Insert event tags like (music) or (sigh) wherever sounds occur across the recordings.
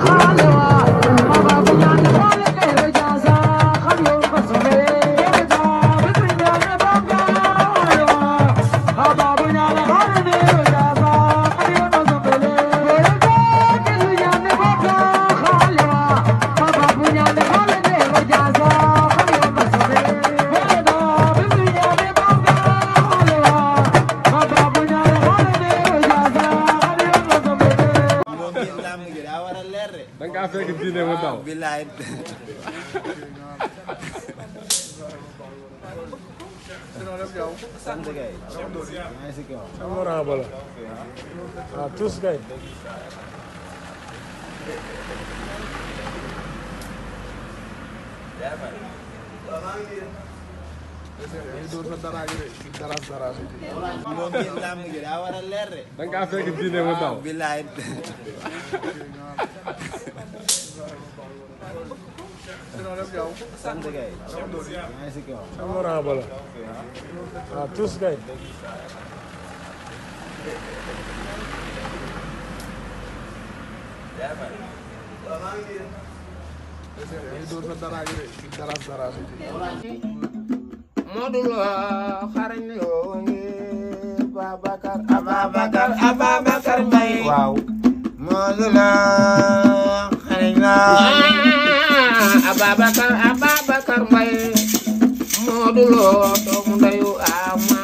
Aha! yaa fekk diine mu daw bilaay bi ah, làmb gi daa a leer de. da sant kay. Amara Bala. waaw tous kay. Modou Lo xarañ yoo ngi Babacar Ababacar Ababacar Mbaye waaw Modou Lo xarañ yoo ngi (laughs) Ababacar Ababacar Babacar mai, Modou Lo doomu ndeyu Ama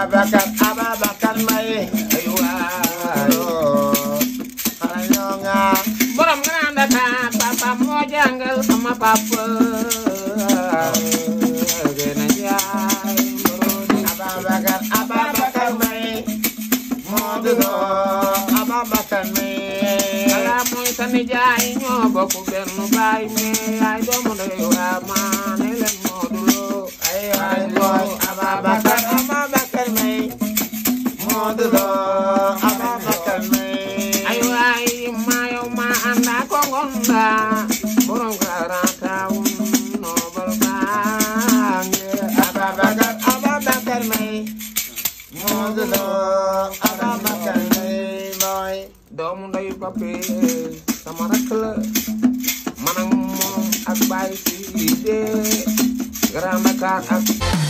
Ababacar Ababacar Mbaye ayu waalo xaraño nga borom Grand Dakar papa moo sama papa gena jaay borodi Ababacar Ababacar Mbaye Modou Lo muy sani jaay ñoo bokk benn baay mais ay doomu ndeyu ma yow ma anda ko ngonda borom garanta wun nobal baange Ababakar Ababakar may moo doomu ndeyu sama rakk la man ak moom ak bàyyi fii Grand Dakar ak